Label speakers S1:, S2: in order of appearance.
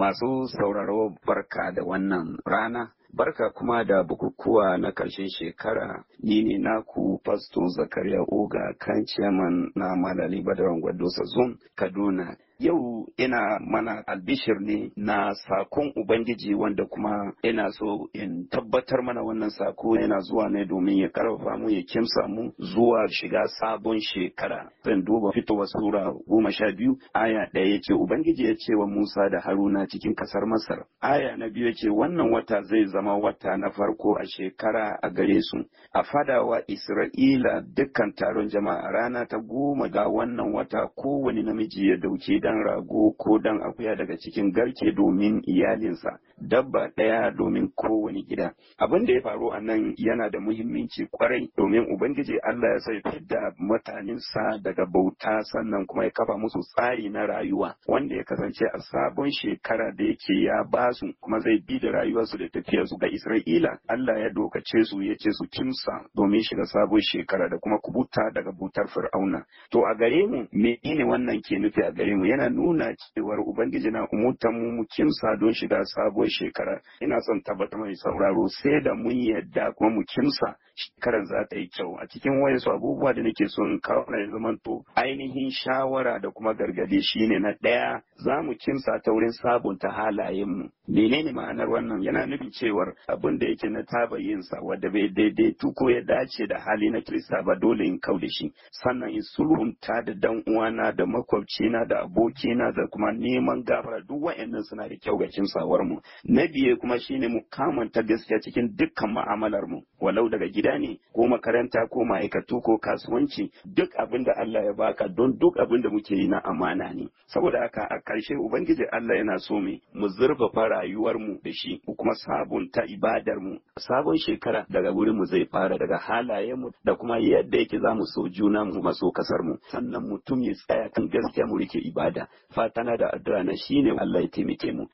S1: Masu sauraro barka da wannan rana Barka kuma da bukukuwa na ƙarshen shekara ni ne naku Fasto Zakariya Oga kan ciyaman na Malali Badaran Gwado Sazon Kaduna. Yau ina mana albishir ne na sakon Ubangiji wanda kuma ina so in tabbatar mana wannan sako yana zuwa ne domin ya karfafa mu ya kimsa mu zuwa shiga sabon shekara. Zan duba fitowa sura goma sha biyu aya ɗaya yace Ubangiji ya ce wa Musa da Haruna cikin ƙasar Masar. Aya na biyu ya ce wannan wata zai zama wata na farko a shekara a gare su. A fadawa Isra'ila dukkan taron jama'a rana ta goma ga wannan wata kowane namiji ya dauke dan rago ko dan akuya daga cikin garke domin iyalinsa, dabba ɗaya domin kowane gida. Abin da ya faru a nan yana da muhimmanci kwarai domin Ubangiji Allah ya sai fidda mutanensa daga bauta sannan kuma ya kafa musu tsari na rayuwa wanda ya kasance a sabon shekara da yake ya basu kuma zai bi da rayuwarsu da tafiyar su ga Isra'ila Allah ya dokace su ya ce su kimsa domin shiga sabon shekara da kuma kubuta daga butar Fir'auna. To a gare mu menene wannan ke nufi a gare mu yana nuna cewar Ubangiji na umurtan mu mu kimsa don shiga sabon shekara. Ina son tabbatar mai sauraro sai da mun yadda kuma mu kimsa shekarar za ta yi kyau a cikin wayansu abubuwa da nake so in kawo na zaman to ainihin shawara da kuma gargadi shine na ɗaya za mu kimsa ta wurin sabunta halayenmu menene ma'anar wannan yana nufin cewa cewar abin da yake na taba yin sa wanda bai daidai ko ya dace da hali na Kirista ba dole in kau da shi sannan in sulhunta da dan uwana da makwabcina da abokina da kuma neman gafara duk wa'annan suna da kyau ga cin sawar mu na biye kuma shine mu kamanta gaskiya cikin dukkan mu'amalar mu walau daga gida ne ko makaranta ko ma'aikatu ko kasuwanci duk abin da Allah ya baka don duk abin da muke yi na amana ne saboda haka a ƙarshe ubangiji Allah yana so mu mu zurfafa rayuwar mu da shi kuma sabunta ibadar mu sabon shekara daga wurin mu zai fara daga halayenmu mu da kuma yadda yake zamu so juna mu maso kasar mu sannan mutum ya tsaya kan gaskiya mu rike ibada fatana da addu'a na shine Allah ya taimake mu